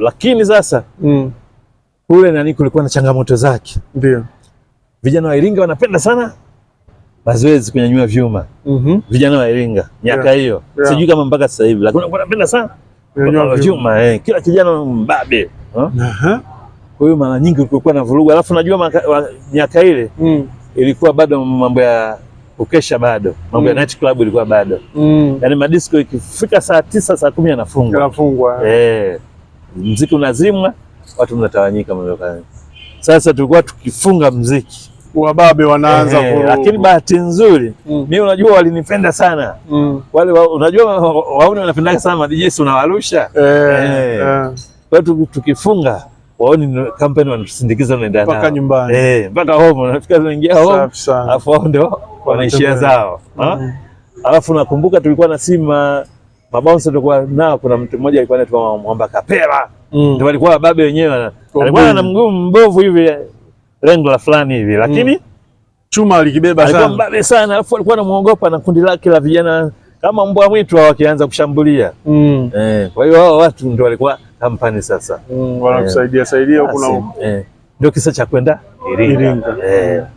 lakini sasa mm. kule nani kulikuwa na changamoto zake. Ndio vijana wa Iringa wanapenda sana mazoezi, kunyanyua vyuma mm -hmm. vijana wa Iringa miaka hiyo yeah. yeah. sijui kama mpaka sasa hivi, lakini wanapenda sana kunyanyua vyuma eh. kila kijana mbabe huh? kwa hiyo mara nyingi kulikuwa na vurugu, alafu najua miaka ile mm. ilikuwa bado mambo ya ukesha bado mambo mm. ya night club ilikuwa bado mm. yani madisco ikifika saa tisa saa kumi yanafungwa yanafungwa eh mziki unazimwa, watu mnatawanyika mlokani. Sasa tulikuwa tukifunga mziki wababe wanaanza eh, kuru... lakini bahati nzuri mm. Mimi unajua walinipenda sana mm. Wale wa, unajua waone wanapenda sana DJs unawarusha eh, eh. eh. Kwa tukifunga waone kampeni wanatusindikiza naenda mpaka nyumbani eh, mpaka home unafika tunaingia home, alafu wao ndio wanaishia zao mm Alafu nakumbuka tulikuwa na sima mabounce tulikuwa nao, kuna mtu mmoja alikuwa anaitwa Mwamba Kapela mm. ndio alikuwa babe wenyewe, alikuwa na mguu mbovu hivi lengla eh, fulani hivi lakini mm. chuma alikibeba sana, alikuwa mbabe sana, alafu alikuwa anamuogopa na kundi lake la vijana kama mbwa mwitu hao wakianza kushambulia mm. eh, kwa hiyo hao watu ndio walikuwa kampani sasa mm, wanakusaidia eh, saidia kuna eh, ndio kisa cha kwenda Iringa, Iringa. Eh.